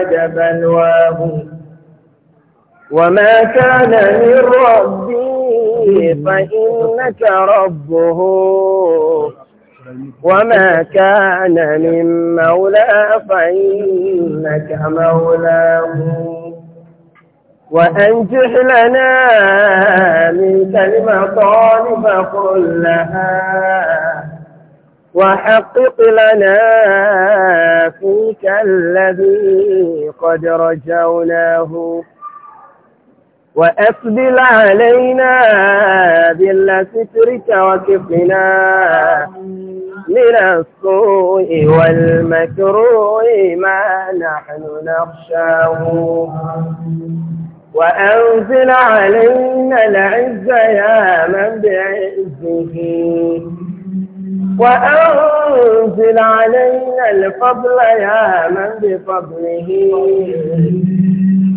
أدبا بلواه وما كان من ربي فإنك ربه وما كان من مولى فإنك مولاه وأنجح لنا منك المطالب كلها وحقق لنا فيك الذي قد رجوناه وأقبل علينا سترك وكفنا من السوء والمكروه ما نحن نخشاه وأنزل علينا العز يا من بعزه وأنزل علينا الفضل يا من بفضله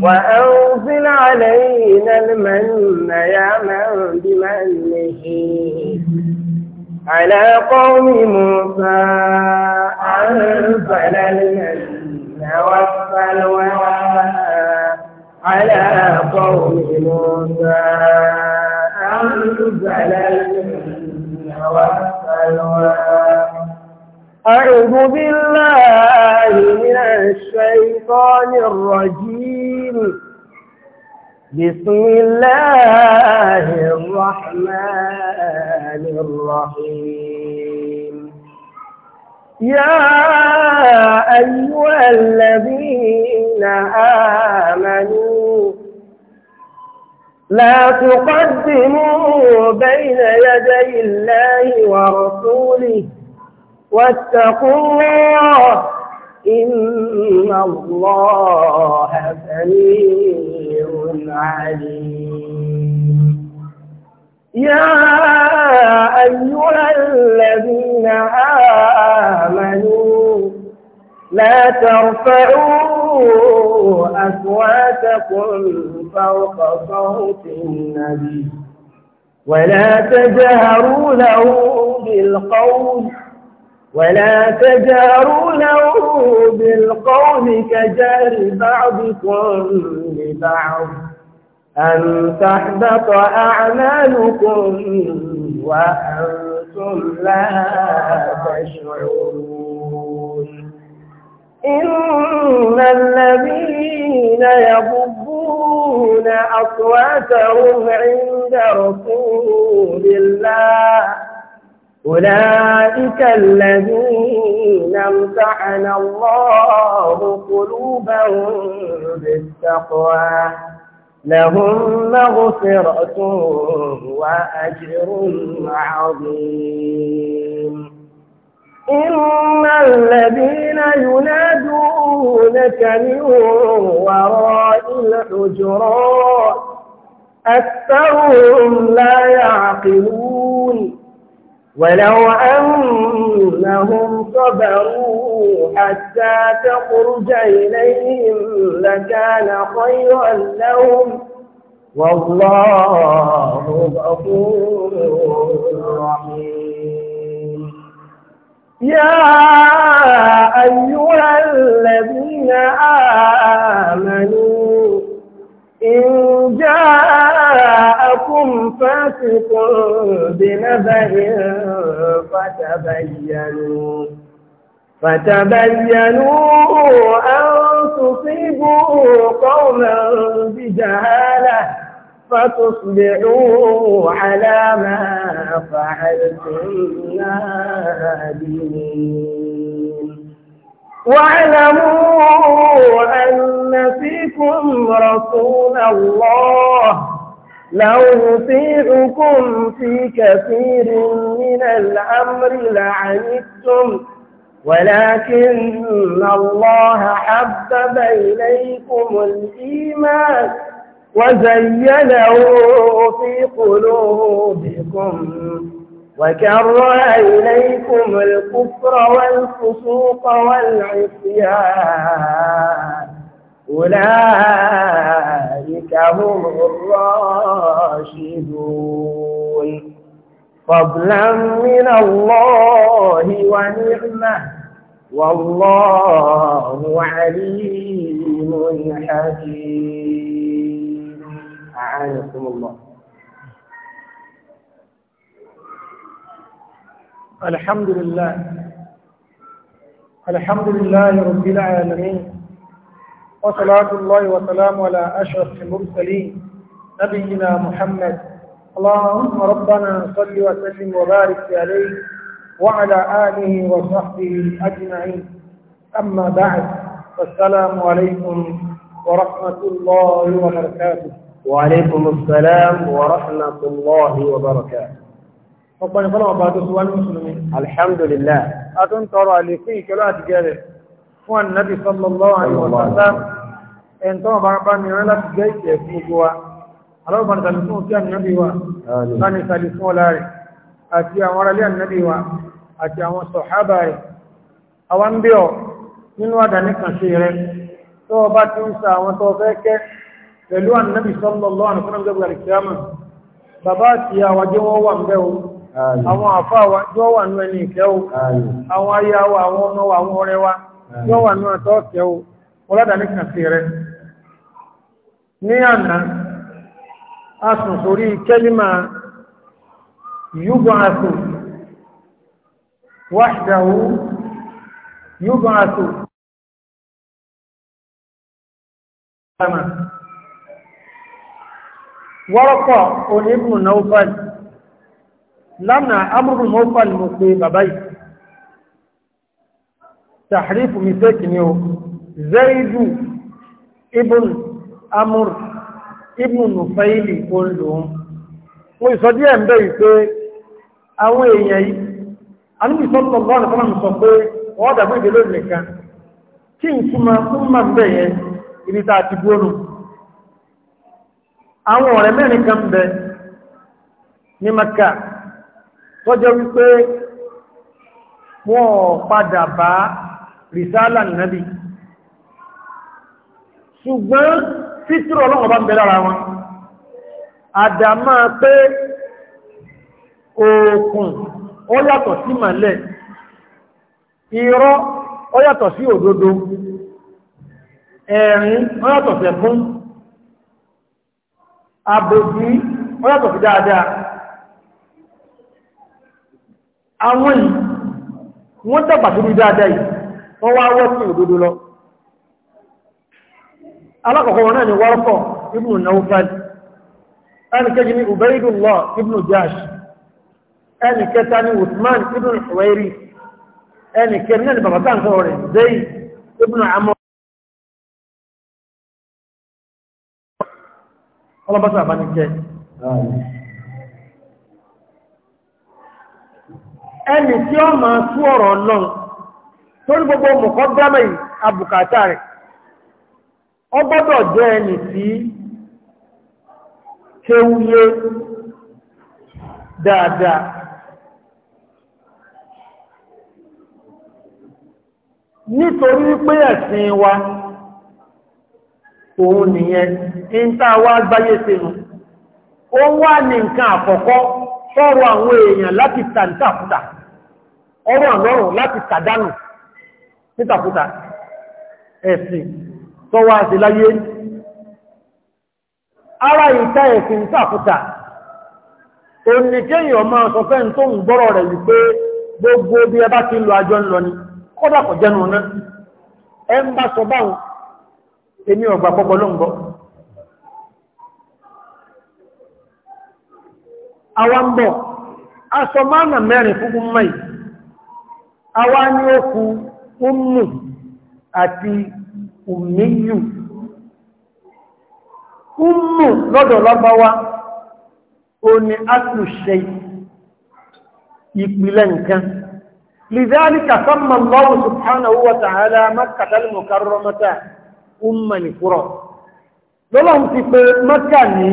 وأنزل علينا المن يا من بمنه على قوم موسى أنزل المن والسلوى على قوم موسى أنزل المن أعوذ بالله من الشيطان الرجيم بسم الله الرحمن الرحيم يا أيها الذين آمنوا لا تقدموا بين يدي الله ورسوله واتقوا الله إن الله سميع عليم يا أيها الذين آمنوا لا ترفعوا أصواتكم فوق صوت النبي ولا تجهروا له بالقول ولا تجاروا له بالقول كجار بعضكم لبعض أن تحبط أعمالكم وأنتم لا تشعرون إن الذين يضبون يرفعون أصواتهم عند رسول الله أولئك الذين امتحن الله قلوبهم بالتقوى لهم مغفرة وأجر عظيم إن الذين ينادونك من وراء الحجرات أكثرهم لا يعقلون ولو أنهم صبروا حتى تخرج إليهم لكان خيرا لهم والله غفور يا أيها الذين آمنوا إن جاءكم فاسق بنبأ فتبينوا فتبينوا أن تصيبوا قوما بجهاله فتصبحوا على ما فعلتم نادمين واعلموا أن فيكم رسول الله لو يطيعكم في كثير من الأمر لعنتم ولكن الله حبب إليكم الإيمان وزينه في قلوبكم وكره إليكم الكفر والفسوق والعصيان أولئك هم الراشدون فضلا من الله ونعمة والله عليم حكيم أعانكم الله الحمد لله الحمد لله رب العالمين وصلاة الله وسلام على أشرف المرسلين نبينا محمد اللهم ربنا صل وسلم وبارك عليه وعلى آله وصحبه أجمعين أما بعد فالسلام عليكم ورحمة الله وبركاته وعليكم السلام ورحمة الله وبركاته ọ̀pọ̀ nìkan náà bá tó tó wá ní mùsùlùmí alhamdulillah a tó ń tọrọ àlékún ìkẹ́lọ́ àti gẹ́rẹ̀ fún ànàbì sallallahu alaihi wasallam ẹn tó bá bá ní rán láti gẹ́ ìkẹ́ fún ogun wa alọ́bàá tàbíkún kí ànàbì wa pẹ̀lú ànábì sallallahu alaihi wasallam gbẹ̀gbẹ̀ àríkìyàmà bàbá àti àwà jẹ́ wọ́n wà ń bẹ́ o àwọn àfá wa jọ́ wà ní ẹni ìkẹ́ o àwọn aya wa àwọn ọmọ wa àwọn ọ̀rẹ́ wa jọ́ wọ́rọ́pọ̀ oníbùn náufal lánàá amúrùn náufal mọ̀ pé bàbá yìí tàhrífù mistake ni o zaidu ibn amur ibn nufaili olùhun wọ́n ìsọ díẹ̀ ń bẹ̀rẹ̀ pé àwọn èèyàn yìí anúbìsọ́tọ̀ lọ́nà fọ́nà sọ pé wọ́n àwọn ọ̀rẹ́ mẹ́rin kan bẹ ní maka tọ́jọ́ wípé wọ́n padà bá rìsálà nàbí ṣùgbọ́n fítírọ̀ ọlọ́wọ́ bá ń bẹ lára wọn àdàmà pé òkun ó yàtọ̀ sí màlẹ̀ irọ́ ó yàtọ̀ sí òdodo ẹ̀rin ó yàtọ̀ àbòsí wọ́n yàtọ̀ sí dáadáa àwọn yìí wọ́n tàbà sí dáadáa yìí wọ́n wá lọ alákọ̀ọ́kọ́ wọn náà ni wọ́pọ̀ ibnu Nawfal ẹni ni Ubaydullah ibnu Jash ẹni ni Uthman ibnu Huwairi ẹni ni bàbá tàǹkọ́ rẹ̀ Zayd ọlọ́bọ́sà bá ní jẹ́ ẹni tí ó máa tú ọ̀rọ̀ náà torí gbogbo mọ̀kọ́ dámẹ́ àbùkátà rẹ̀ ọ gbọ́dọ̀ jẹ́ ẹni tí kéwúyé dáadáa nítorí pé ẹ̀sìn wa òun nìyẹn ń tá wá gbáyé sínú ó wá ní nǹkan àkọ́kọ́ sọ̀rọ̀ àwọn èèyàn láti tàǹtàkùtà ọrọ̀ àlọ́rùn láti tàdánù nítàkùtà ẹ̀sìn tó wá sí láyé ara ìta ẹ̀sìn tàkùtà oníkéyàn máa sọ fẹ́ tó ń gbọ́rọ̀ rẹ̀ wípé gbogbo bí ẹ bá ti lọ àjọ ńlọ ni kọ́dàkọ̀ jẹ́nu náà ẹ ń bá sọ èmi ọ̀gbà pọ̀pọ̀ ló ń gbọ́ àwa ń bọ̀ aṣọ mánà mẹ́rin fúnkún mẹ́ì àwa ní òkú ummu àti ummiyu ummu lọ́dọ̀ lọ́gbọ́wá o ni aslu shay ìpìlẹ̀ nǹkan lidhalika samma Allahu subhanahu wa ta'ala Makkah al umman kúrọ̀ lọ́lọ́run ti pé mọ́kà ní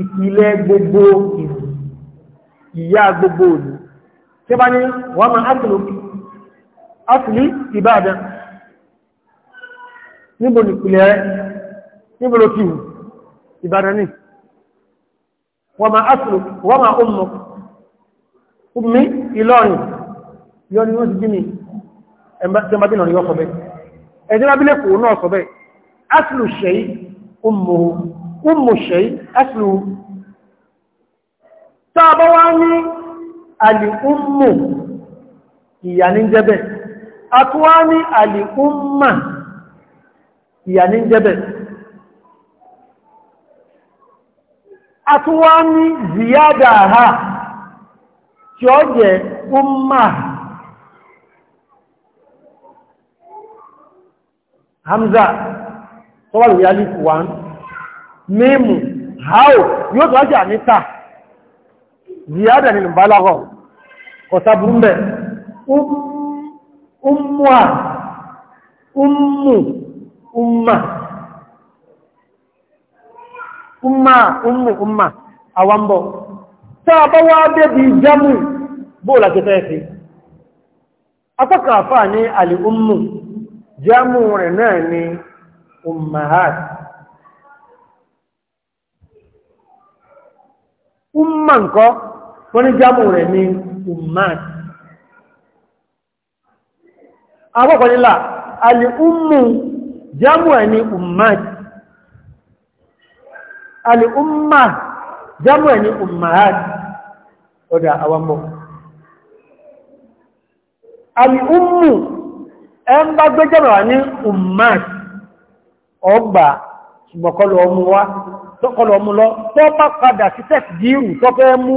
ìpìlẹ̀ gbogbo ìlú ìyá gbogbo ìlú tí bá ní wọ́n ma áṣìlì ìbàdàn níbo nìpìlẹ̀ níbo ló ti ní wọ́n ma áṣìlì wọ́n ma ni ẹ̀dẹ́gbà bí lẹ́kọ̀ọ́ náà sọ bẹ́ẹ̀ asìlù ṣẹ́yí ọmọ ṣẹ́yí asìlù tàbá wá ní alìkúnmù ìyà àtúwá ní alìkúnmà si àtúwá ní ziyada ha tí ó jẹ́ umma hamza tó wà lórí alif 1 mímù hao yóò tó wájá níta ziyada nínú balaghọ kọta burúmbẹ̀ ummuwa ummu umma umma ummu umma awambo tá a bá wá débi jamu bóòlà tẹ́fẹ́ fi apákàáfà ní alì ummu jámù rẹ̀ náà ni ummahat umma nǹkan wọ́n ní jámù rẹ̀ ni ummat àkọ́kọ́ nílà alì ummu jámù ẹ̀ ni ummat alì jámù ẹ̀ ni ummahat ọ̀dà àwọn mọ̀ alì ẹn bá gbé jẹ́rọ ní ummat ọgbà ṣùgbọ́kọlù ọmú wá tọ́kọlù ọmú lọ tọ́ bá padà sí tẹ́sìdíhù tọ́ fẹ́ mú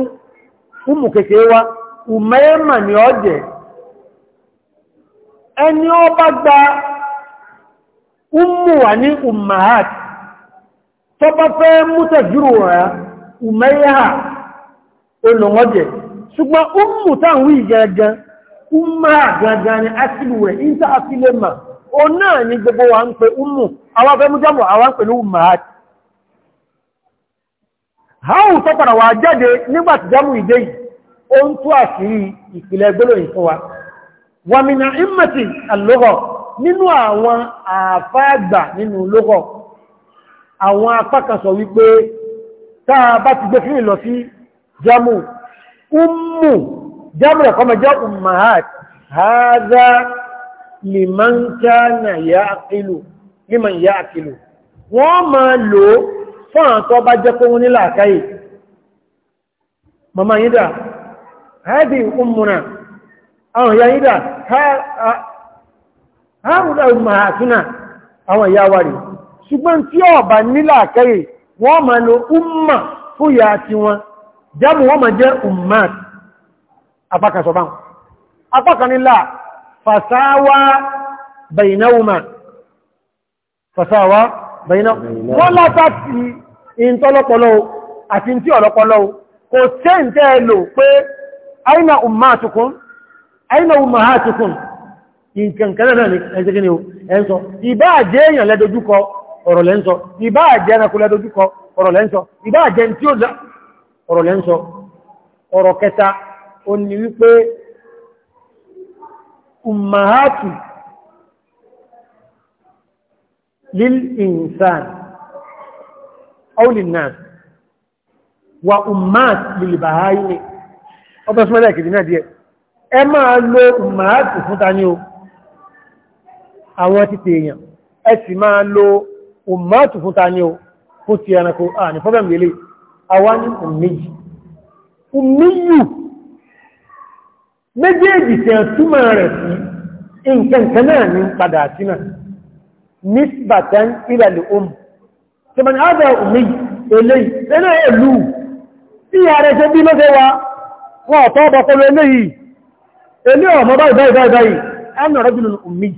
fúnmù kékeré wá ni ọ jẹ́ ẹni ọ bá gba ummu wà ní ummat tọ́ bá fẹ́ mú ṣùgbọ́n táwọn ìjẹ́ umma gangan ni asilu rẹ̀ inta ma o náà ni gbogbo wa ń pe umu àwọn afẹ́ mújámọ̀ àwọn pẹ̀lú ummahat hau tó padà jáde nígbàtí jámù ìdé yìí o ń tó àṣírí ìpìlẹ̀ wa Wamina taa جمع كما جاء أمهات هذا لمن كان يعقل لمن يعقل وما لو فانتو بجكوني لكي ماما يدا هذه أمنا أو يا يدا هؤلاء أمهاتنا أو يا واري ṣùgbọ́n tí ọba nílàkẹ́yẹ wọ́n ma lo umma fúyà tí wọ́n jábù wọ́n ma jẹ́ ummat apákan sọ bá apákan nílá fasáwá bẹ̀yìnáwùmá fasáwá bẹ̀yìnáwùmá wọ́n látàtí ìntọ́lọ́pọ̀lọ́ àti tí ọ̀lọ́pọ̀lọ́ kò tẹ́ ń tẹ́ lò pé aina ummatukum aina ummahatukum ìkẹ̀kẹ̀rẹ̀ ní ẹjẹ́gẹ́ ni ó ẹ̀ńsọ ìbá àjẹ́ èèyàn lẹ́dojúkọ ọ̀rọ̀ lẹ́ńsọ ìbá àjẹ́ ẹranko lẹ́dojúkọ ọ̀rọ̀ lẹ́ńsọ ìbá àjẹ́ tí ó ọ̀rọ̀ lẹ́ńsọ ọ̀rọ̀ kẹta ó ní wípé ummahatu lil insan aw lin nas wa ummat lil bahayini ọbẹ̀ súnmọ́ lẹ́ẹ̀kìdì náà díẹ̀ ẹ máa lo ummahatu fún ta ní o àwọn títẹ̀ èèyàn ẹ sì máa lo ummahatu fún ta ní o fún ti ẹranko à ní fọ́bẹ̀ àwọn ní méjèèjì tí a túmọ̀ rẹ̀ sí nǹkan náà ní padà sínà nísbàtán ìrẹ̀lẹ̀ ohun tí ma ní ààbẹ̀ omi eléyìí ẹ̀nà ìlú tí a rẹ̀ tó bí lọ́sẹ̀ wa wọ́n ọ̀tọ́ ọbọ̀kọlọ eléyìí elé ọmọ báyìí báyìí báyìí ẹ̀nà rọ́jùlù omi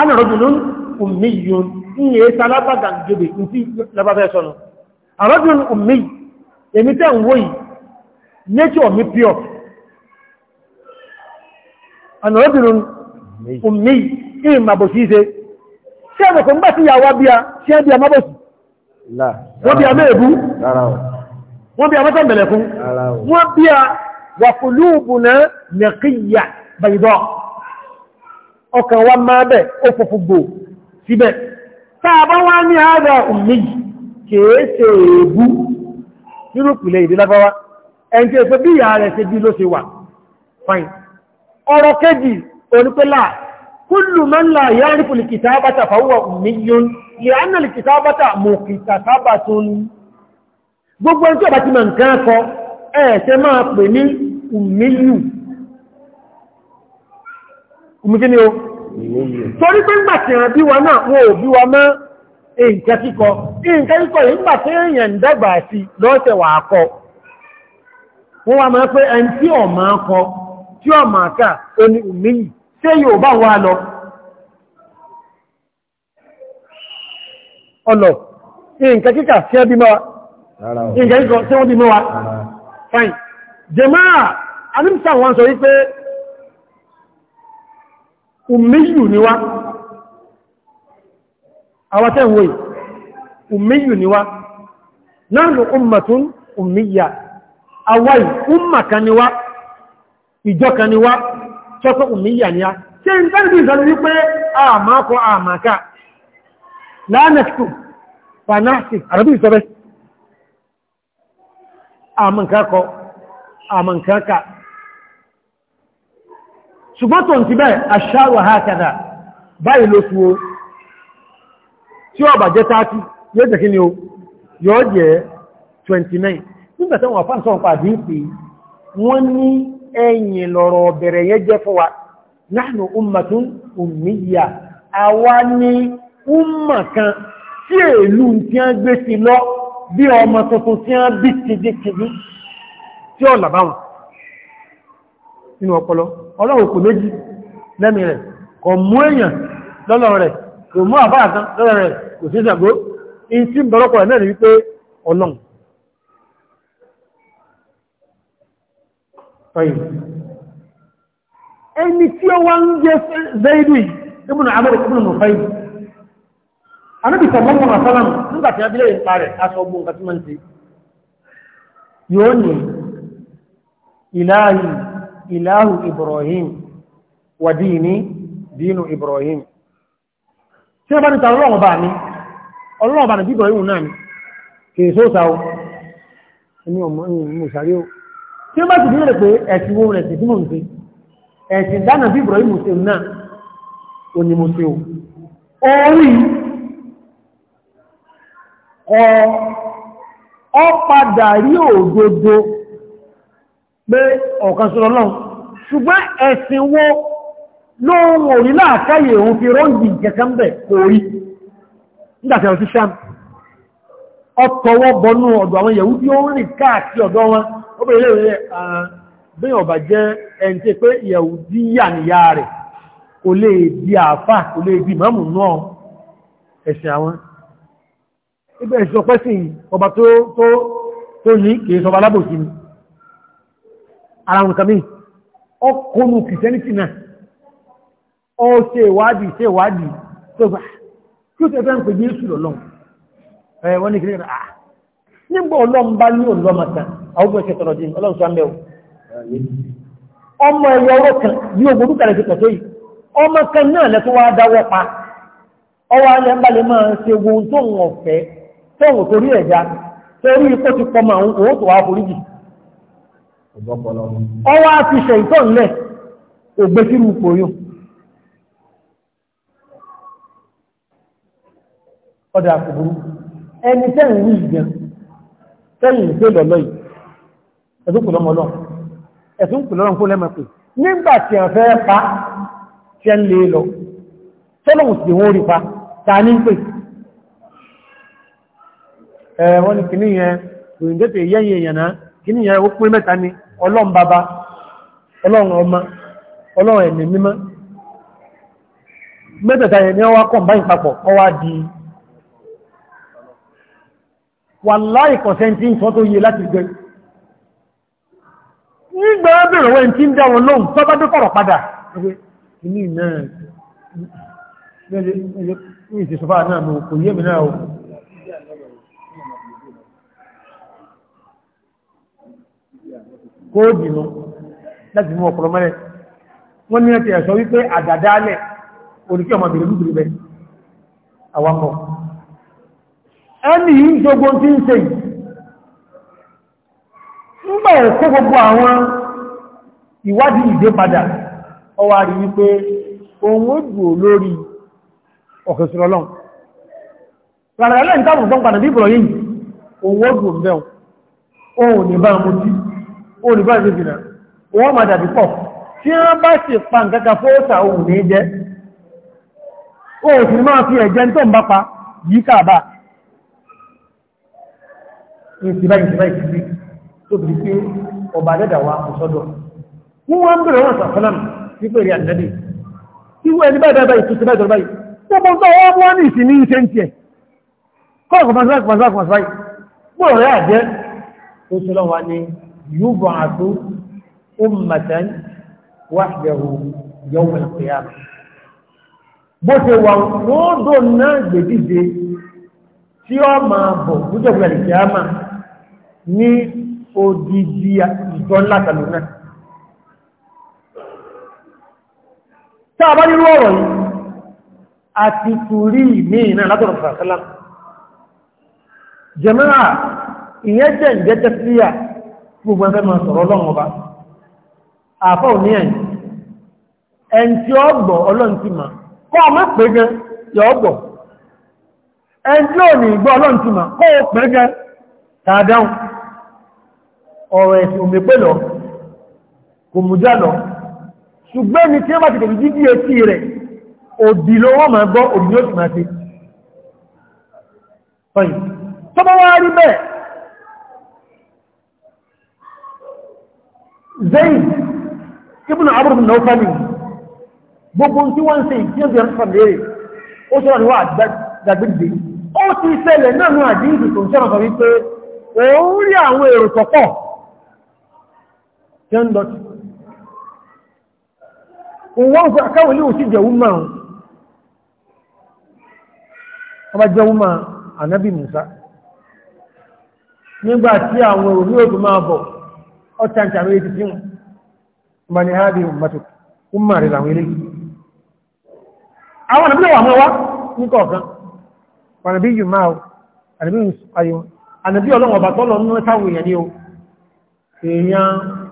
ana rajulun ummiyun iye salaba sọ́nà a rajulun ummiyun èmi tẹ́ ń wó yìí nature mi pure ànàrẹ́bìnrin omi ìmà bò sí ṣe ṣe ẹ̀mọ̀kọ̀ ń bá sí ìyàwó bí a ṣe ẹ́ bí a mọ́bọ̀sí wọ́n bí a mẹ́ẹ̀bú wọ́n bí a mọ́tọ̀ bẹ̀rẹ̀ fún wọ́n bí a wà fòlúùbùnà nẹ̀kíyà nínú ìpìlẹ̀ èdè lábáwá ẹni tí èso bí ìyá rẹ̀ ṣe bí ló ṣe wà fine ọ̀rọ̀ kejì onípẹ́lá kúlù mọ́nlá ìyá rí pùlì kìtàbátà fàwọ̀ mílíọ̀n ìyá rí kìtàbátà mọ̀ kìtàbátà tó ní gbogbo ẹni tí ọba ti mọ̀ nǹkan kọ ẹ̀ẹ̀ṣẹ́ máa pè ní nǹkan kíkọ nǹkan kíkọ yìí gbà tí èèyàn dàgbà sí lọ́sẹ̀ wà kọ wọ́n wá máa pé ẹni tí ọ máa kọ tí ọ̀ máa kà oní òmìnì tí yóò bá wà lọ ọlọ kíkà sí ẹbí mọ́ kíkọ sí wọ́n bí mọ́ wa fine wọn àwọn tẹ́ ìwòyí ummiyu ni wá nahnu ummatun ummiya àwáyì umma kan ni wá ìjọ kan ni wá tọ́kọ́ ummiya ni a ṣe ń tẹ́lẹ̀bí ìsọ́lú wípé àmàkọ́ àmàkà lánàtù fanásì àrẹ́bí ìsọ́bẹ̀ àmàkàkọ́ àmàkàkà ṣùgbọ́n tó ń ti bẹ́ẹ̀ aṣáwà hákàdà báyìí lóṣùwò tí ó bàjẹ́ 30 yóò jẹ́ kí ni o yóò jẹ́ 29 nígbàtí wọn fáǹsọ́ ọ̀pá àdínsì wọ́n ní ẹ̀yìn lọ́rọ̀ bẹ̀rẹ̀ yẹn jẹ́ fún wa nahnu ummatun ummiya àwa ní umma kan tí èlú tí a gbé sí lọ bí ọmọ tuntun tí a bí kìdíkìdí tí ó làbáwọn nínú ọpọlọ ọlọ́run kò méjì lẹ́mìí rẹ̀ kọ̀ mú èèyàn lọ́lọ́ rẹ̀ kò mú àbára kan lọ́rẹ̀ rẹ̀ kò sí ìṣàgbó in tí ń bọ̀rọ̀pọ̀ ẹ̀ náà ni wípé ọlọ́n ẹni tí ó wá ń jẹ́ zaidi ibùn amẹ́rẹ̀ ibùn nufai anábì sọ̀gbọ́n asálàmù nígbà tí a bílẹ̀ ìpa rẹ̀ aṣọ ogun nǹkan tí ma ń yóò ní ìláhù Ibrahim wà dìní dínú Ibrahim tí wọ́n bá ní ta ọlọ́run bá ní ọlọ́run bá ní bíbọ̀ ìhùn náà ni kìí só sa o ẹni ọmọ ìhùn ìsàrí o tí wọ́n bá ti bíbọ̀ pé ẹ̀sìn wo rẹ̀ sí mọ̀ nǹkan ẹ̀sìn dáná bíbọ̀ ìhùn sí náà ò o orí ọ ọ padà rí òdodo pé ọ̀kan sọ̀rọ̀ náà ṣùgbọ́n lóòrùn òní láàkáyè òun fi rọ́ǹgì ìjẹ̀kan bẹ̀ kò rí nígbàtí ọ̀sí sam ọ̀tọ̀wọ́ bọnú ọ̀dọ̀ àwọn yẹ̀wú tí ó ń rìn káàkiri ọ̀dọ̀ wọn ó bèèrè rẹ̀ àbẹ́yàn ọ̀bà jẹ́ ẹni tí pé yẹ̀wú dí yà níyà rẹ̀ kò lè di àáfà kò lè di mọ́mù sí náà ó ṣe ìwádìí ṣe ìwádìí tó bá kí ó tẹ́fẹ́ ń pè Jésù lọ́lọ́un ẹ̀ wọ́n ní kìrìkìrì àà ah, nígbà ọlọ́run bá ní olómọ̀ta àwọn ìṣẹ́ tọrọ jìn ọlọ́run sọ mẹ́wọ̀ ọmọ ẹ̀yọ ọrọ̀ kan bí ogun dúkàrẹ̀ ti pẹ̀tọ́ yìí ọmọ kan náà lẹ́tọ́ wá dáwọ́ pa ọwọ́ alẹ́ ń balẹ̀ máa ṣe ohun tó ń ọ̀fẹ́ tó ń torí ẹ̀dá torí ikó ti pọ̀ máa ń owó tó wá forí jì ọwọ́ á fi ṣe ìtọ́ ńlẹ̀ ògbésírù pòyùn ọdẹ àkùbùrú ẹni tẹ́yìn lọ́lọ́ yìí kù lọ́n kù lọ́rọ̀ lẹ́mọ̀ pé nígbà tí a fẹ́ pa tí a ń lè e lọ sí wọ́n rí pa ta ní pè ni kìíní yẹn òyìnbẹ́tẹ̀ yẹ́yìn èèyàn kìíní yẹn ó pín mẹ́ta ni ọlọ́run ọlọ́run ọmọ ọlọ́run ẹ̀mí mímọ́ yẹn ni wọ́n wàláì kọ̀sẹ̀ tí ń sọ tó yẹ láti gbẹ nígbà bèèrè wọ́n tí ń dá wọn lóhùn tọ́bá tó kọ̀rọ̀ padà ẹgbẹ́ inú náà ní ìsẹ̀sọ́fà náà mọ̀ kò yé mi náà o kóòdì nù láti mú ọ̀pọ̀lọ mẹ́rẹ̀ wọ́n ní ẹ̀tẹ̀ ẹ̀sọ́ wípé àdàdálẹ̀ oníkẹ́ ọmọbìnrin lúgbìrì bẹ́ àwọn mọ̀ ẹni yìí ń jogun tí ń ṣe ń bẹ̀rẹ̀ kó gbogbo àwọn ìwádìí ìdé padà ọwà rí wípé ohun ó dùn lórí ọ̀kẹ̀sùrọ̀lọ́n rárá lẹ́yìn tábùn tó ń padà bí ìbọ̀rọ̀ yìí ohun ó dùn bẹ́ẹ̀ ohun ní bá mú tí ohun ní bá ṣe jìnà ohun máa dàbí pọ̀ tí wọ́n bá sì pa nǹkan kan fóòsà ohun ní jẹ́ ohun sì máa fi ẹ̀jẹ̀ tó ń bá pa yìí kàbáà ìtìbáyì ìtìbáyì kìí tó bí pé ọba dẹ́dà wa kò sọ́dọ̀ wọ́n wá ń bèèrè wọn sàfẹ́lẹ́mù wípé rí àdínẹ́bì tí wọ́n ẹni báyìí báyìí tó ti báyìí báyìí tó bọ́ sọ wọ́n wọ́n ní ìsinmi iṣẹ́ ń tiẹ̀ kọ́ọ̀kọ̀ fàṣíwáì fàṣíwáì fàṣíwáì bó rẹ̀ àjẹ́ tó ṣe lọ́wọ́ ni yúbọ̀ àtó ummatan wahdahu yawm al-qiyamah bó ṣe wà wọ́n dò náà gbèdíje tí ó máa bọ̀ lójọ́ ìgbàlẹ̀ kìyàmà ní odidi ìjọ látàlù náà tá bá nínú ọ̀rọ̀ yìí àti tùrí ní ìná látọ̀rọ̀ sàtàlá jẹ́mẹ́rà ìyẹn jẹ́ ìjẹ́jẹ́ sí à gbogbo ẹgbẹ́ ma sọ̀rọ̀ ọlọ́run ọba àfọ́ òní ẹ̀yìn ẹn tí ó gbọ́ ọlọ́run ti mà kọ́ ọmọ ò ní gbọ́ ọlọ́run ti mà kọ́ ọ pé ọ̀rọ̀ ẹ̀sìn òmè pé lọ kò mú já lọ ṣùgbọ́n ni tí ó bá ti tẹ̀lé jíjí etí rẹ̀ òdì ló wọ́n máa gbọ́ òdì yóò sì máa ṣe ọ̀yìn tó bá wá rí bẹ́ẹ̀ zayn ibùnà abúrúkú náà fẹ́mi gbogbo tí wọ́n ń ṣe ìdíyàn bí wọ́n ó ṣọ́rọ̀ ni wọ́n àgbàgbé ó ti ṣẹlẹ̀ náà ní àdíyìí tó ń ṣọ́rọ̀ sọ wípé òun rí àwọn èrò tọ̀pọ̀ yan ụwa sí wọ́n fún akáwọn ilé òsì jẹ́ ọba jẹ́ wúmà Musa nígbà tí àwọn òní òtù máa bọ̀ ni hábi ọmọtò wúmà rẹ̀ làwọn ilé àwọn ànábì wà mọ́ ní kọ̀ọ̀kan ànábì yìí máa bàtọ́ táwọn èèyàn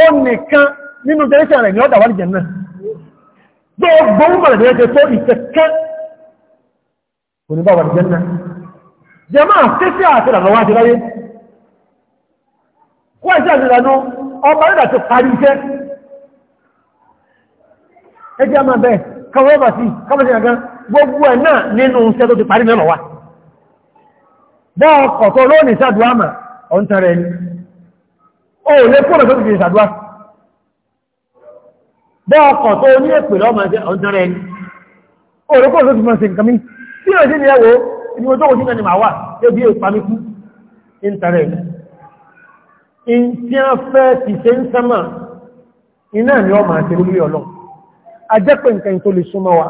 ó nìkan nínú jẹ́rẹ́sẹ̀ rẹ̀ ni ọ́dà wà ní jẹ̀ náà gbogbo mọ̀rẹ̀ jẹ́rẹ́sẹ̀ tó ìkẹ́kẹ́ kò ní bá wà ní jẹ́ náà jẹ́ máa tẹ́sẹ̀ àti ìrànlọ́wọ́ àti láyé kó ẹ̀sẹ̀ àti ìrànú ọba rẹ̀ àti parí iṣẹ́ ẹjẹ́ máa bẹ́ẹ̀ kọwọ́bà sí kọmọ̀sí àgán gbogbo ẹ̀ náà nínú iṣẹ́ tó ti parí mẹ́lọ̀wà bọ́ọ̀kọ̀ tó lónìí sáàdùwámà ọ̀ntẹ̀rẹ̀ ni ó lè kúrò tó ti ṣàdúwà bọ́ ọkọ̀ tó ní èpè lọ́mọ ọjọ́rẹ́ ẹni ó lè kúrò tó ti mọ̀ sí nǹkan mi tí ó sí ni ẹwọ́ ibi ojú òsìn ẹni màá wà ebi ìpamikú internet in tí a fẹ́ ti ṣe ń sámà iná ni ọmọ àti orí ọlọ́ ajẹ́pẹ̀ nǹkan tó lè súnmọ́ wa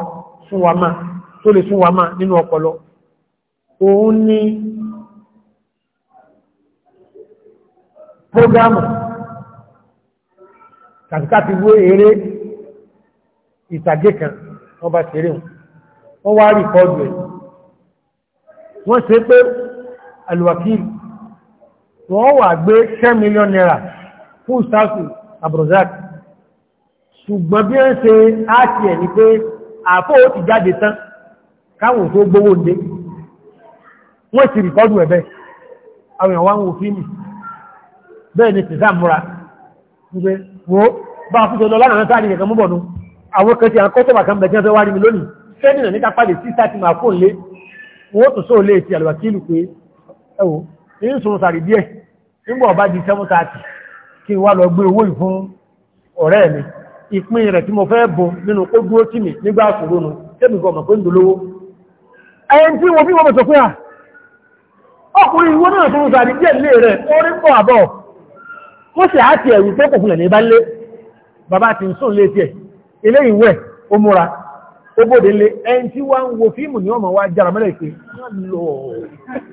súnwàmá nínú ọpọlọ òun ni prógámù kàtíkà ti wó eré ìtàgé kan wọ́n bá ṣeré wọn wá rí kọ́ọ̀dù ẹ̀ wọ́n ṣe pé alwakil wọ́n wà gbé 10 million naira fún ìsáàsù àbùrọ̀zák ṣùgbọ́n bí wọ́n ṣe áàtì ẹ̀ ni pé àfó ó ti jáde tán káwọn tó gbówó lé wọ́n ti rí kọ́ọ̀dù ẹ̀bẹ̀ àwọn èèyàn wá ń bẹ́ẹ̀ ni tìsá múra wípé wo bá fún jọ lọ́nà sáà ní ẹ̀kan múbọ̀nú àwọn kẹtì àwọn kọ́tọ̀bà kan bẹ̀tí ọjọ́ wá rí mi lónìí fẹ́nìyàn níta pàdé sí sáàtì máa fún lé wọ́n tó sóò lé ti àlùwàkílù pé ẹwò ní sùn sàrì díẹ̀ nígbà ọba di 730 kí n wá lọ gbé owó ìfún ọ̀rẹ́ mi ìpín rẹ̀ tí mo fẹ́ bùn nínú kó dúró tì mí nígbà àkùrónú tẹ́bì gọmọ̀ pé ń dolówó ẹyẹn tí wọ́n bí wọ́n mọ̀ sọ pé ọkùnrin ìwọ́n náà tó ń sàrì díẹ̀ lé rẹ̀ ó rí pọ̀ àbọ̀ kó sì á ti ẹ̀rù tó kò fún ẹ̀ní bá lé bàbá ti ń sùn lé tiẹ̀ ilé ìwẹ̀ ó múra ó bóde lé ẹni tí wá ń wo fíìmù ní ọmọ wa jára mẹ́lẹ̀ pé lọ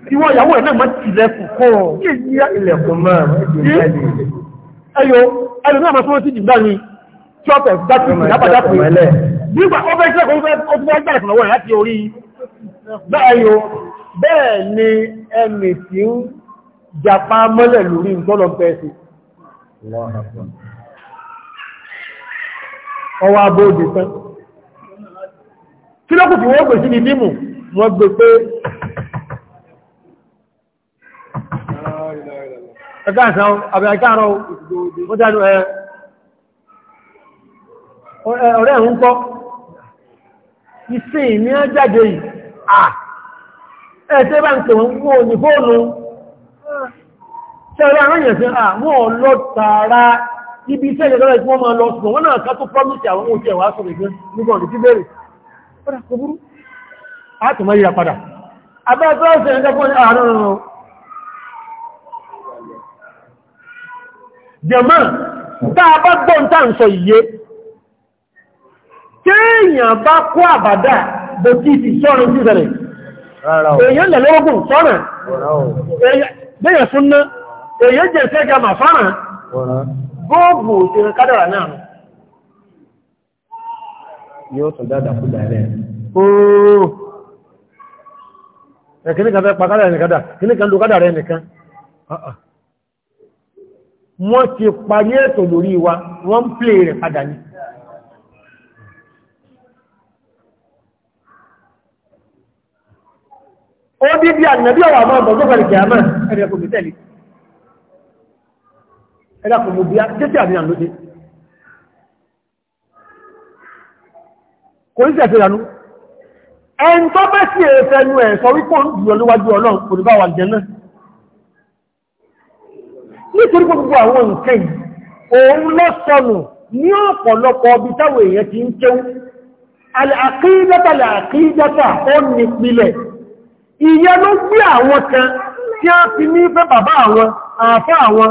tí wọ́n ìyàwó ẹ̀ náà má ti lẹ́kùn kọ́ kí èyí á ilẹ̀kùn mọ́ ẹyọ ẹlò náà máa sọ́wọ́ sí jìgbà ní ṣọ́pẹ̀ dákì lápàdápì nígbà ó fẹ́ ṣẹ́kọ̀ọ́ ó fẹ́ mọ́lẹ̀ lórí ìtọ́lọpẹ́ẹ̀sì ọwọ́ abóòdì tán kí lọ́kùn tí wọ́n gbé sí ní dímù wọ́n gbé pé ẹ̀ká àṣà àbẹ̀ ẹ̀ká àrọ̀ wọ́n jáde ẹ̀ ọ̀rẹ́ ẹ̀rùn kọ́ ìsìn ní ẹjáde yìí à ẹ̀ẹ́sẹ́ bá ń pè ní fóònù tẹ́rẹ àwọn èèyàn sí àwọn ọlọ́tàrá ibi iṣẹ́ ìjọba ìpínlẹ̀ máa lọ ṣùgbọ́n wọ́n náà ká tó promise àwọn oúnjẹ wà sọ̀rọ̀ ìgbẹ́ nígbà ọ̀dẹ̀ tí bẹ̀rẹ̀ padà kò burú àtùmọ̀ yíra padà abẹ́ẹ̀tọ́ ọ̀sẹ̀ ẹ̀jẹ́ fún ààrùn rọrùn jẹ̀mọ́ tá a bá gbọ́ ń tà ń sọ iye kéèyàn bá kó àbàdà bó ti ti sọ́rin sí ìṣẹ̀lẹ̀ èèyàn lẹ̀lọ́gùn sọ́rin bẹ́yẹ̀ fún náà èyí jẹ́ sẹ́jà mà fáràn góòbù òṣèré kádàrà náà yóò tún dáadáa kú dáadáa ooo ẹ̀kíní kan fẹ́ pa kádàrà nìkádà kíní kan ló kádàrà nìkan ah, ah. wọ́n ti parí ètò lórí wa wọ́n ń plé rẹ̀ padà ní ó bí bí ànàbí ọ̀wà mọ́ ọ̀bọ̀ tó pẹ̀lú kìí àmà ẹ̀rẹ̀ kò ẹ̀dá kò mú bí á tẹ́tẹ́ àníyàn ló dé kò ní tẹ̀tẹ̀ ìyànú ẹn tó bẹ́ sí ẹ̀fẹ́nu ẹ̀ sọ wípò jùlọ níwájú ọlọ́run kò ní bá wà jẹ náà nítorí gbogbo àwọn nǹkan òun lọ sọnù ní ọ̀pọ̀lọpọ̀ ọbí táwọn ló gbé àwọn kan tí a fi ní fẹ́ bàbá àwọn àfá àwọn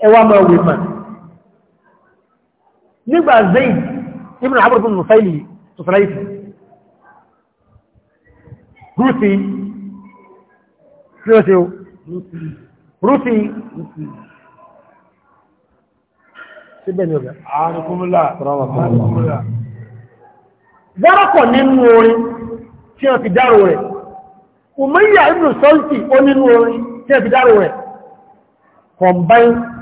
ẹwà máa wè mà nígbà Zayd ibn Amr bin Nufayli tó sọ́lá ìfì rúfì rúfì rúfì síbẹ̀ ni ọ̀gá àrùkúnmùlá rọ́wọ̀kúnmùlá wọ́rọ̀kọ̀ nínú orin tí wọ́n fi dárò rẹ̀ Umayya ibn Salti ó nínú orin tí wọ́n fi dárò rẹ̀ combine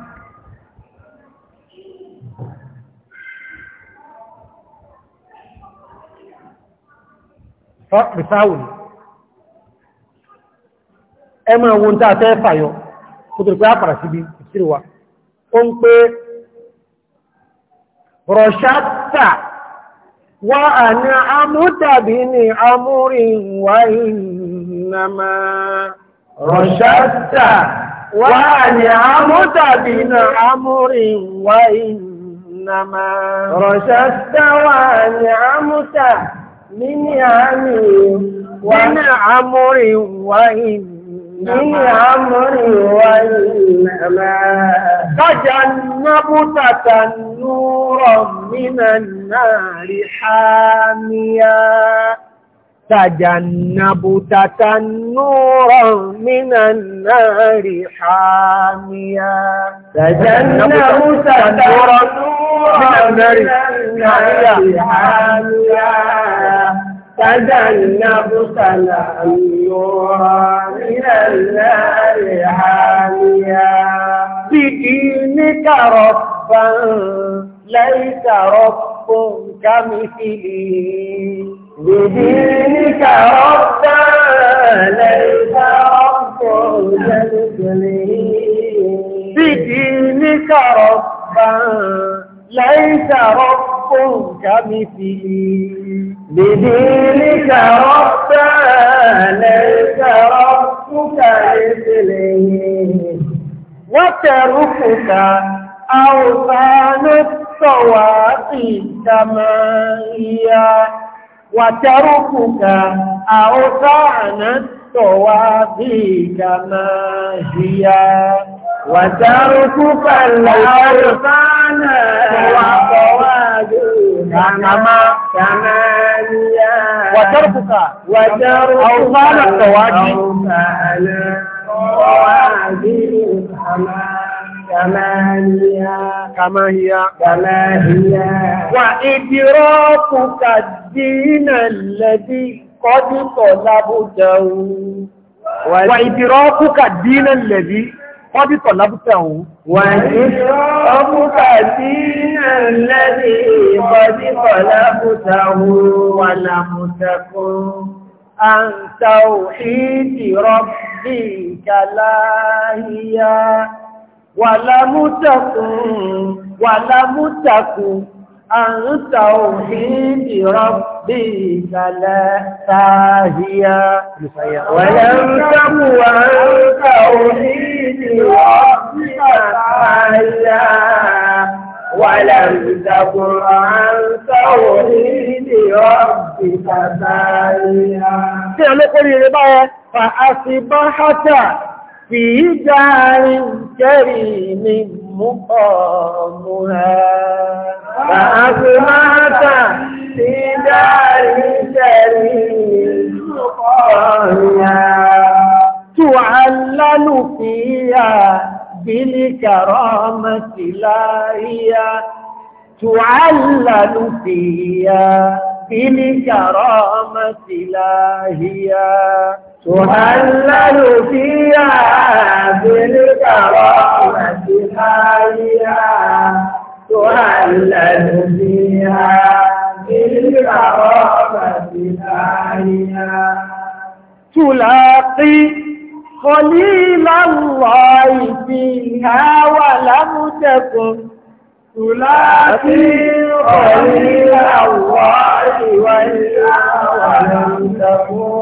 rìsáwùn ẹ máa wọn tàà tẹ́ fàyọ kò tó rí pé á pàrà síbi ìsírìwá ó ń pé rọ̀ṣátà wà àní amútàbí ní amúrí wà ìnàmà rọ̀ṣátà wà àní amútàbí ní amúrí wà ìnàmà rọ̀ṣátà wà àní amútàbí Nínú àmì wà ní àmúrí wà Nínú àmúrí wà ìnàmà. Kájà nábútàtà núrọ̀ nínà náà rí hámíyá. تجنب تتنورا من النار حاميا تجنب تتنورا من النار حاميا تجنب تتنورا من النار حاميا بدينك ربا ليس رب كمثلي بدينك ربا ليس رب الجليل بدينك ربا ليس رب كمثلي بدينك ربا ليس ربك مثلي وتركك أوطان الصواعق كما هي وتركك أوسعنا توابيك ما هي وتركك الأوسعنا كما كما هي وتركك أوسعنا توابيك كما هي كما هي وإدراكك الدين الذي قد طلبته وإدراكك الدين الذي قد طلبته وإدراكك الدين الذي قد طلبته ولم تكن عن توحيد ربك لاهيا ولمتكن ولمتكن عن توحيد ربي فلا تاهيا ولم تكن عن توحيد ربي تاهيا ولم تكن عن توحيد ربي تاهيا. Tí a ló kórìí rẹ̀ báyẹn, fa àṣìbá hátà في دار كريم مقامها فأسمعت في دار كريم مقامها تعلل فيها بالكرامة لا هي تعلل فيها بالكرامة لا هي تهلل فيها بالكرامة حالها تهلل فيها بالكرامة حالها تلاقي خليل الله فيها ولم تكن تلاقي خليل الله والله ولم تكن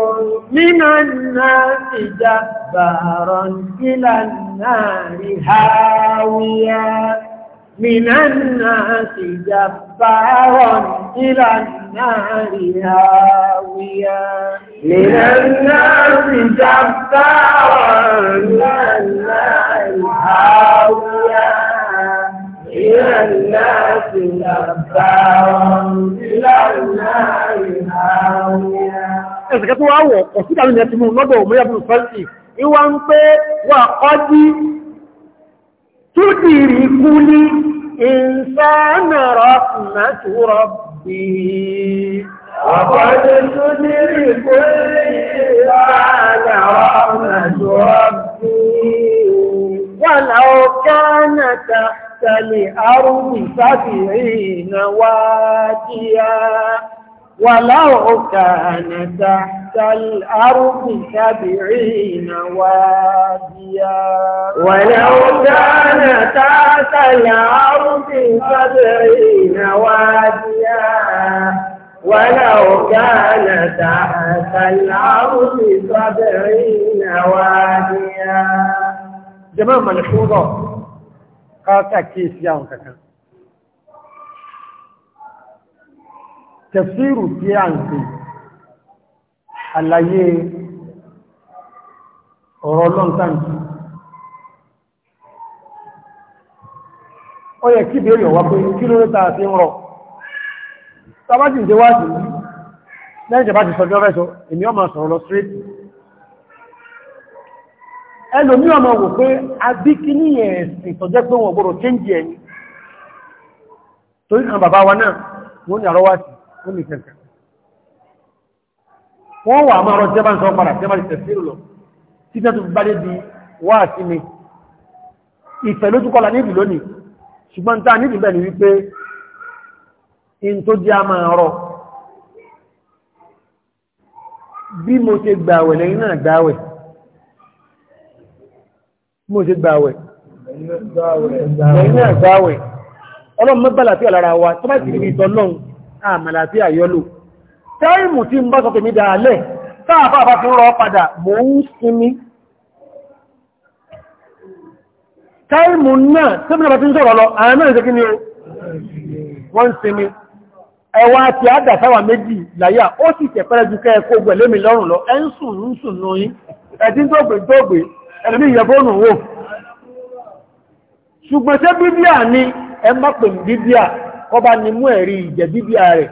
من الناس جبارا إلى النار هاويا من الناس جبارا إلى النار هاويا من الناس جبارا إلى النار هاويا من الناس جبارا إلى النار هاويا ẹ̀sẹ̀kẹ́ tó wá wọ̀ ọ̀ síta ní ẹ̀tì mú lọ́dọ̀ òmìnira bí fẹ́lì ìwà ń pé wà ọdí tó dìrì kú ní ìsánàrọ̀ tẹ̀lé àrùn ìsáfihìn náwájíyá ولو كان تحت الأرض سبعين واديا ولو كان تحت الأرض سبعين واديا ولو كان تحت الأرض سبعين واديا جماعة ملحوظة قاطع كيس يوم كاكا tẹ̀síìrù tí a ń pè àlàyé ọ̀rọ̀ lọ́ntàntì ó yẹ kí bèèrè ọ̀wá pé kí ló tàà sí ń rọ̀ tàbátì ìdí wá sí lẹ́yìn tàbátì sọjọ́ rẹ̀ sọ èmi ọmọ sọ̀rọ̀ lọ straight ẹlòmí ọmọ wò pé a bí kí ní ẹ̀sìn tọ́jẹ́ pé wọn gbọ́rọ̀ kéńjì ẹ̀yìn torí kan bàbá wa náà wọ́n ni àrọ́wá sí wọ́n ní kẹ̀kẹ́ wọ́n wà máa rọ jẹ́bá ń sọ padà jẹ́bá ti tẹ̀síru lọ tí tẹ́tù bá dé di wá sí mi ìfẹ̀ lójúkọlà níbi lónìí ṣùgbọ́n tá níbi bẹ́ẹ̀ ni wípé in tó jẹ́ a máa rọ bí mo ṣe gbàwẹ̀ lẹ́yìn náà gbàwẹ̀ mo ṣe gbàwẹ̀ lẹ́yìn náà gbàwẹ̀ ọlọ́run mọ́gbàlá sí àlára wa tó bá ti rí ìtọ́ náà àmàlàfí àyọ́lò táìmù tí ń bá sọ tèmi dáalẹ̀ sáàfà bá fi rọ padà mò ń sinmi táìmù náà tẹ́mìnà bá ti ń sọ̀rọ̀ lọ àwọn mẹ́rin sẹ́kí ni ó wọ́n sinmi ẹwà àti àdàsáwà méjì láyà ó sì tẹ̀pẹ́rẹ́ ju kẹ́ ẹ̀kọ́ gbẹ̀lẹ́mì lọ́rùn lọ ẹ́ ń sùn ń sùn náà yín ẹ̀dí tó gbé tó gbé ẹ̀lẹ́mí ìyẹ̀bọ́nù wò ṣùgbọ́n ṣé bíbíà ni ẹ má pè ní bíbíà ọba ni mú ẹ̀rí ìjẹ̀bíbíà rẹ̀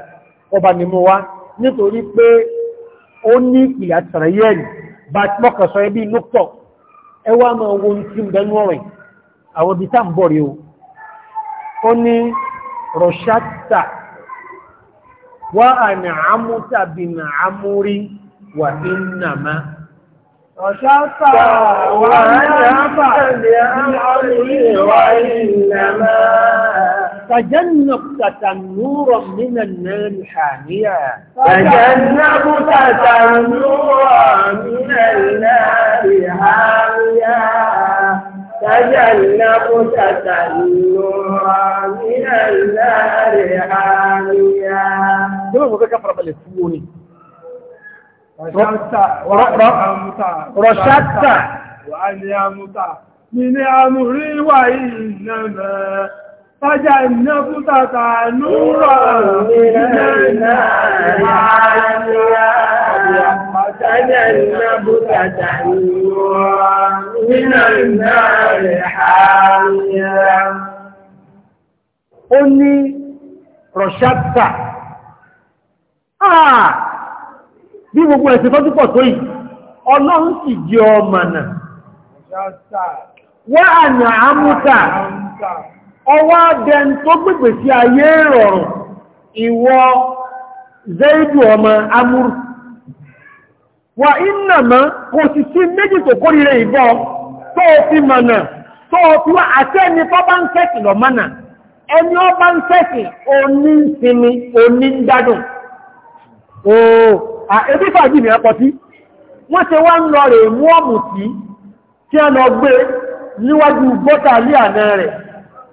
ọba ni mú wá nítorí pé ó ní ìyà tàràyẹ̀rì bá mọ́kànsọ ẹbí lóktọ̀ ẹwà máa wo tí ń bẹnu ọ̀rìn àwọn ibi tá bọ̀ rí o ó ní rọ̀ṣátà wá àmì àmúta bin àmúrí wà ìnàmá rọ̀ṣátà wà تجنب تنورا من النار حاميا تجنب تنورا من النار حاميا تجنب تنورا من النار حامية كما فكر كفر بالسوني رشدت رشدت وأن من أمري وإنما Fájá iná fún tàtà núrọ̀ iná náà yára. Fájá iná fún tàtà núrọ̀ iná náà yára. Ó ní Rọ̀ṣátà. Àà! Ah! Bí gbogbo ẹ̀sìn tó túpọ̀ tó yìí, ọlọ́run sì jẹ ọmọ náà. Wọ́n àná àmúta. ọwọ́ adẹn tó gbègbè sí ayé rọrùn ìwọ zaidu ọmọ amúrù wà ìnàmá kò sì sí méjì tó kó rírẹ ìbọ́ tó fi mọ̀nà tó fi wá àtẹ́ni tó bá ń sẹ́sì lọ mọ́nà ẹni ọ bá ń oní sinmi oní ooo ẹbí fàájì ní wọ́n ṣe wá ń lọ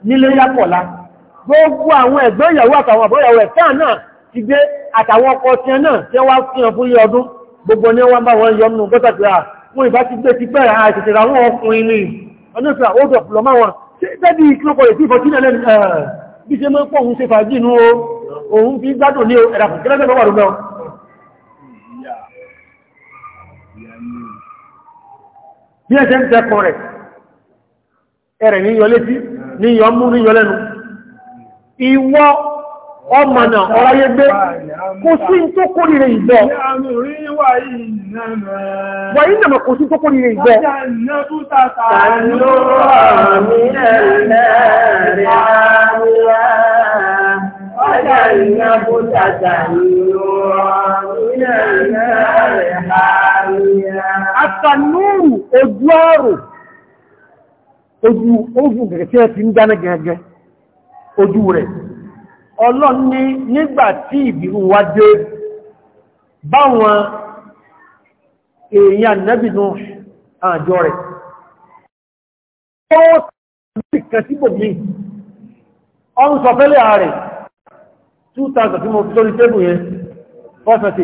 nílé yápọ̀lá gbogbo àwọn ẹ̀gbọ́n ìyàwó àtàwọn àbúrò ìyàwó ẹ̀fẹ́ náà ti gbé àtàwọn ọkọ ti ẹ náà tí wá fi hàn fún iye ọdún gbogbo ní wọ́n bá wọn yọ nínú gọ́tàkìrà ah, wọn ìbá ti gbé ti pẹ́rẹ̀ àìsìtì ah, ra wọn ọkùnrin ní ọdúnfà ó dọ̀ pùlọ máa wọn tẹ́bí ìkílọ́pọ̀ èsì ìfọ̀tílẹ̀ lẹ́nu eh, bí ṣe mọ́ pọ̀ òun ṣe fàájì inú òun fi gbádùn ní ẹ̀dàkùn kẹ́lẹ́gbẹ̀ lọ́wọ́ rẹ̀ náà bí ẹ̀ṣẹ́ ń tẹ́kùn rẹ̀ ẹ̀rẹ̀ ní yọ létí níyọ mú níyọ lẹ́nu ìwọ ọmọnà ọ̀ráyé gbé kò sí tó kórìrè ìgbọ́ wà ìnàmà kò sí tó kórìrè ìgbọ́ Ọjà Àtànúrù ojú ọrùn ojú ogun gẹ̀gẹ̀ tí ẹ ti ń dáná gẹ̀gẹ̀ ojú rẹ̀ ọlọ́ni nígbà tí ìbìrú wá dé báwọn èèyàn nẹ́bìnú àjọ rẹ̀ ó tàbí kan sípò mí 2000 tí mo fi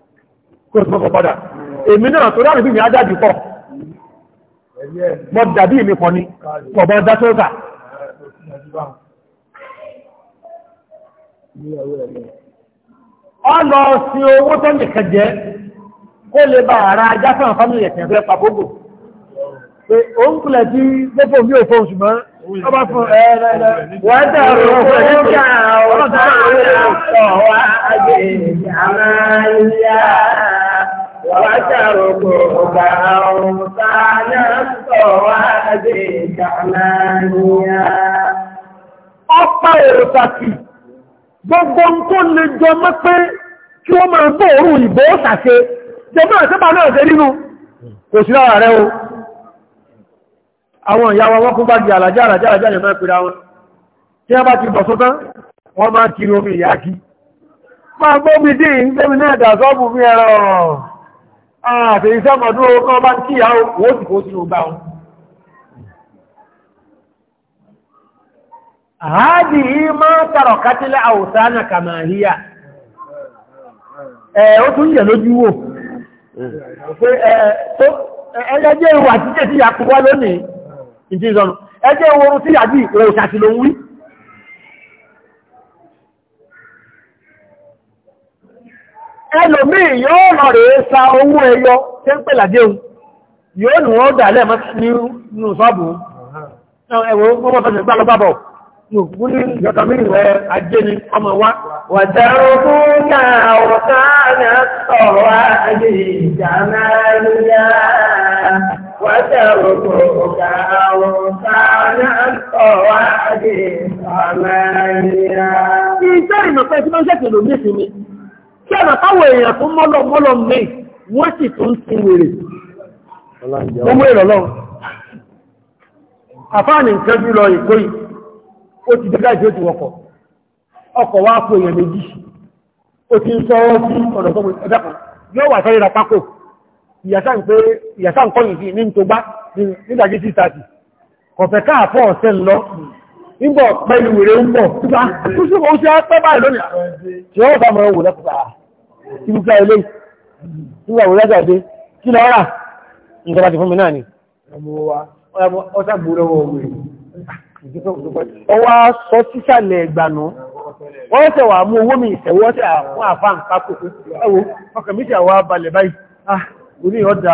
kó o ti mọ́kọ̀ padà èmi náà tó dáàbì mi adájú pọ̀ mọ́ dàbí mi pọ̀ ni ọ̀bọ̀n dátọ́ta ọ lọ sí owó tó nìkan jẹ́ kó lè bá ara ajá fún àfámìlì ẹ̀sìn ẹ̀fẹ́ pàbógò pé o ń kúlẹ̀ tí gbogbo mi ò fóun ṣùgbọ́n ọba fún ẹ̀rẹ́rẹ́ wọ́n tẹ̀rọ fún ìjà ọ̀tá ọ̀wá àgbè àmáyá وتركوك أوطانا الصواب كعلانيا ọ̀pá èròtàkì gbogbo ń tó lè jọ mọ́ pé kí wọ́n máa bọ́ òórùn ìbò ṣàṣe jẹmọ́ àṣẹ́bà náà ṣe nínú kò sí lára rẹ̀ o àwọn ìyàwó wọ́n kún bá di àlàjá àlàjá àlàjá lè máa pèrà wọn tí a bá ti bọ̀ sọ́tán wọ́n máa kiri omi ìyá kí máa gbóbi dín ìgbẹ́mi náà dà sọ́ọ̀bù mi ẹ̀rọ ọ̀rọ̀ àtẹ̀yí sọ́mọ̀dún ọkọ̀ bá kí ìyá owó ti kó sínú bá wọn. àádì yìí máa tàrọ̀ kátílẹ̀ àwòsánà kàmàríyà ẹ̀ ó tún yẹ̀ lójú wò ẹgbẹ́ ìwà títẹ̀ tí yà lónìí ìjíṣọ́nù ẹgbẹ́ ìwòrún tí yà bí ìrẹ̀ wí ẹlòmíì yóò lọ rèé sa owó ẹyọ tí ń pè làdéhùn yóò nù wọ́n dà lẹ́ẹ̀mọ́ nínú sọ́ọ̀bù ẹ̀wọ̀ ọmọ fẹsẹ̀ gbá lọ bábọ̀ yòókù ní ìjọba mi rẹ̀ ajé ni ọmọ wa. wàtẹ́rù fún náà ọ̀tá náà sọ̀rọ̀ àjè ìjà náà níyà wàtẹ́rù fún náà ọ̀tá náà sọ̀rọ̀ àjè ìjà náà níyà. iṣẹ́ ìmọ̀pẹ́ tí wọ́n ń ṣètò lòmìnir tí ọ̀nà táwọn èèyàn tó mọ́lọ̀ mọ́lọ̀ mẹ́ì wọ́n sì tó ń sin wèrè gbogbo ìrọ̀lọ́ àfáàní nǹkan jù lọ ìkó yìí ó ti dẹ́gbà ìjọ ti wọkọ̀ ọkọ̀ wá fún èèyàn méjì ó ti ń sọ ọ́ sí ọ̀nà tó mú ẹ̀dá kan yóò wà sọ́rẹ́ rapákò ìyàsá nǹkan yìí ní tó gbá nígbàjí sí tàbí kọ̀fẹ́ káàfọ́ ọ̀sẹ̀ lọ nígbọ̀ pẹ̀lú wèrè ń pọ̀ tí ó sì mọ́ sí apẹ́ báyìí lónìí tí ó bá wò lẹ́kùnkà ibùkà ilé nígbà wọ́n yájà kí lọ rà nǹkan ti fún mi náà ni ọwá sọ sísàlẹ̀ ìgbànú wọ́n tẹ̀ wà mú owó mi ìtẹ̀wọ́ àwọn àfáà ń àwọ abalẹ̀ báyìí ah orí ọjà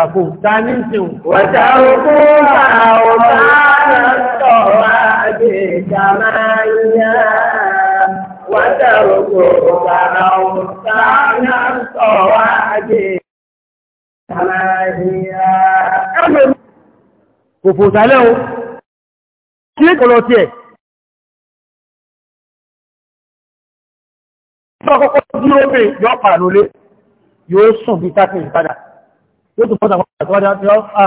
وتركوه كموسانا صواعدي كما هي kò fò sálẹ̀ o kí é kọ̀lọ̀ tí ẹ̀ tí ọkọ̀kọ́ tí ó bè yọ pàà lólé yóò sùn bí tákì ìpadà yóò tún fọ́nà wọ́n àtọ́wádá tí ó à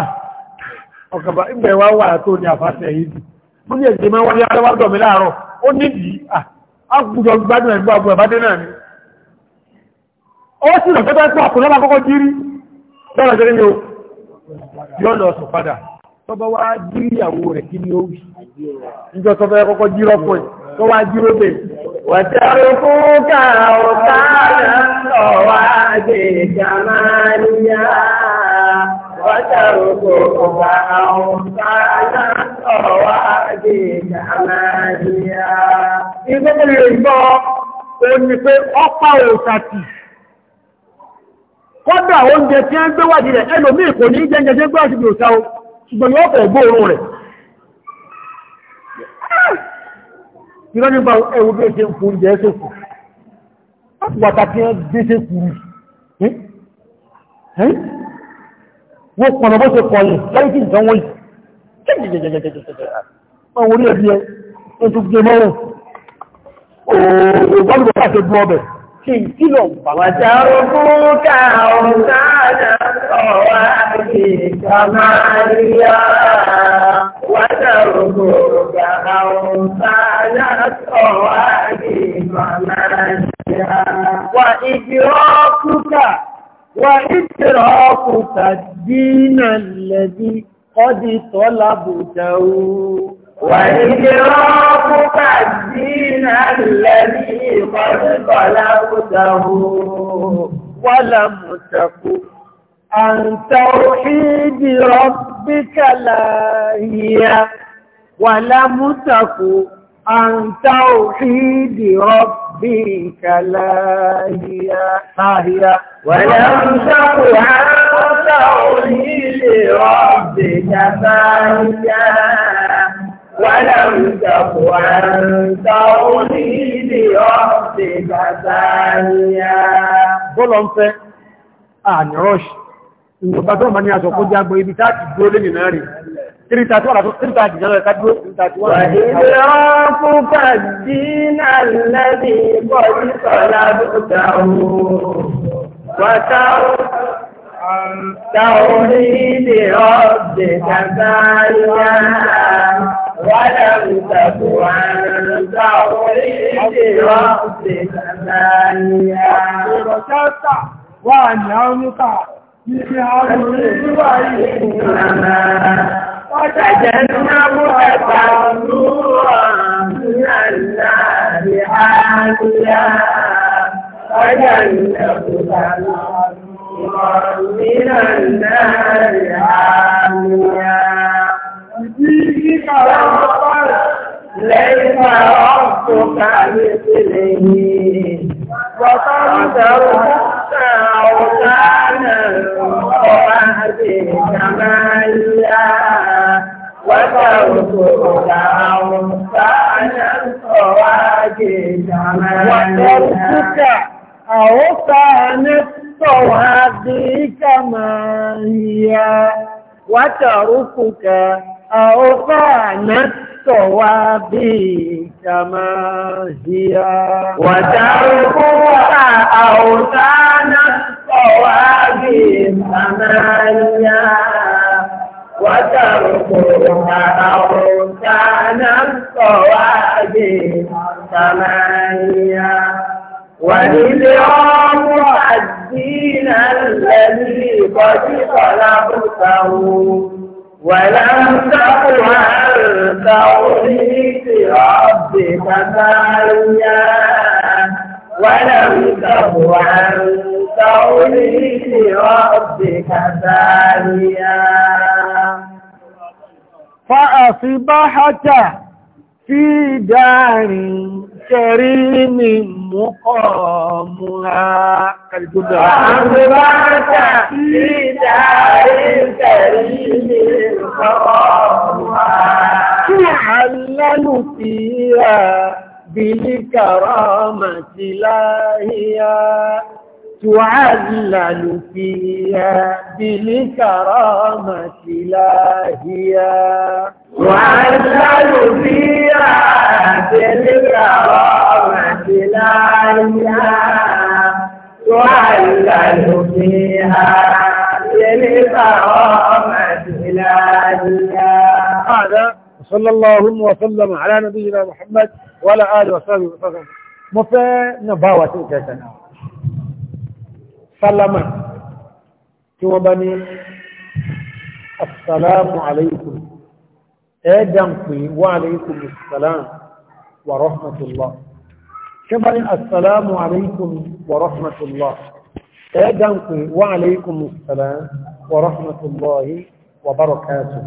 ọ̀kàbà ìgbẹ̀wà wà tó ní àfáṣẹ̀ yìí ah, agbùjọ gbádùn ẹ̀gbọ́ agbù ẹ̀bádé náà ni ó sì rọ̀ pẹ́tẹ́ pọ̀ àkùnlọ́bà kọ́kọ́ jírí lọ́rọ̀ jẹ́ ní o yọ́ padà tọ́bọ́ wá jírí ìyàwó rẹ̀ kí ni ó ìjọ tọ́bọ́ kọ́kọ́ jírọ́ pọ̀ tó wá jíró bẹ̀ wàtẹ́rù fún kàrà ọ̀tá lọ́wọ́ ìgbẹ́gbẹ́ lè gbọ́ o ní pé ọpá òsàtì kọ́dà oúnjẹ tí a ń gbé wájì rẹ̀ ẹlòmí kò ní jẹ́jẹ́ jẹ́ gbáṣì bí òsà o ṣùgbọ́n yóò fẹ́ gbóòrùn rẹ̀ ìrọ́ nípa ẹwù bí ṣe ń fún jẹ́ sókù wàtàkì gbéṣe kùrù wọ́n pọ̀nà bó ṣe kọ̀yìn lẹ́yìn tí ìjọ wọ́n yìí ògbọ́dùgbọ́ láti bú ọbẹ̀ kí n kílọ̀ bàbá jẹ́. Àjàrò fún ká ọ̀rùn sáàdà ọ̀wá àti ìjọmáríyá. Wájàrò fún ká ọ̀rùn sáàdà ọ̀wá àti ìjọmáríyá. Wà ìtìrọ̀ ọkùnkà dínà lẹ́bí, ọdí tọ́lá bùjáwó. وإدراك الدين الذي قد طلبته ولم تكن عن توحيد ربك لاهيا ولم تكن عن توحيد ربك لاهيا هي ولم تكن عن توحيد ربك لاهيا ولم تك أنت أريد ربك ثانيا bọ́lọ̀ ń fẹ́ àní rọ́ṣì ìjọba tó mọ̀ ní aṣọ kó jágbó ibi táàkì dúró lè nìna rẹ̀ 3,000 jẹ́ ẹ̀ká dúró 3,000 wà ní ọkùnkà dínà lẹ́bí pọ̀ ní sọ́lá bóta ولم تك أنت قريب ربك ثانيا وأنعمك وتجنبها التنظر من النار حاليا وجنبها التنظر من النار حاليا بِدِينِكَ رَغْبًا لَيْسَ رَبُّكَ بِمِثْلِهِ وَتَرْكُ عُرْبَانًا وَأَهْدِكَ مَلًّا وَتَرْكُكَ عُرْبَانًا وَأَهْدِكَ مَلًّا وَتَرْكُكَ عُرْبَانًا وَأَهْدِكَ مَلًّا وَتَرْكُكَ أوفان الصواب كما هي وتركها أوثان الصواب هي وتركها أوثان الصواب هي ولليوم الدين الذي قد طلبته ولم تقل عن توحيد ربك تعيا ولم تقل عن توحيد ربك تعيا فأصبحت في داري كريم مقامها وأرضعت في دار كريم مقامها تعلل فيها بالكرامة لاهيا تعلل فيها بالكرامة هي تعلل فيها بالكرامة هي تعلل فيها بالكرامة هي هذا صلى الله وسلم على نبينا محمد وعلى آله وصحبه وسلم mo نبوة náà sálámà tí wọ́n bá ní assalamu alaikum ẹ̀ẹ́dàn pé wa alaikum assalam wa rahmatullah tí wọ́n bá ní assalamu alaikum wa rahmatullah ẹ̀ẹ́dàn pé wa alaikum assalam wa rahmatullahi wa barakatuh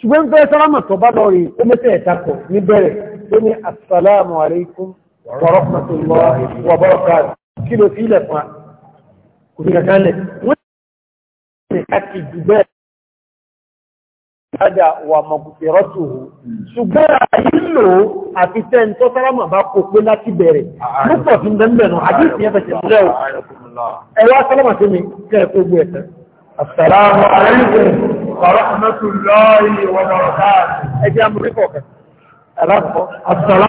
ṣùgbọ́n fẹ́ sálámà tó bá lọ rí ó mẹ́sẹ̀ ẹ̀takọ̀ níbẹ̀rẹ̀ ó ní assalamu alaikum wa rahmatullahi wa barakatuh kí ló fi ilẹ̀ fún kò sí kankan lẹ̀ wọ́n ti káàkiri jù bẹ́ẹ̀ ìtajà wà mọ̀kùtì rọ́tù hù ṣùgbọ́n àyílò àti tẹ́ntọ́ sáramà bá kò pé láti bẹ̀rẹ̀ púpọ̀ sí bẹ̀m̀bẹ̀nù àdíṣì ẹ̀fẹ̀ ṣẹ̀ṣẹ̀ ẹwà sáramà sí mi kẹ́ẹ̀kọ́ gbé ẹ̀sẹ̀ assalamu alaikum wa rahmatullahi wa barakatuh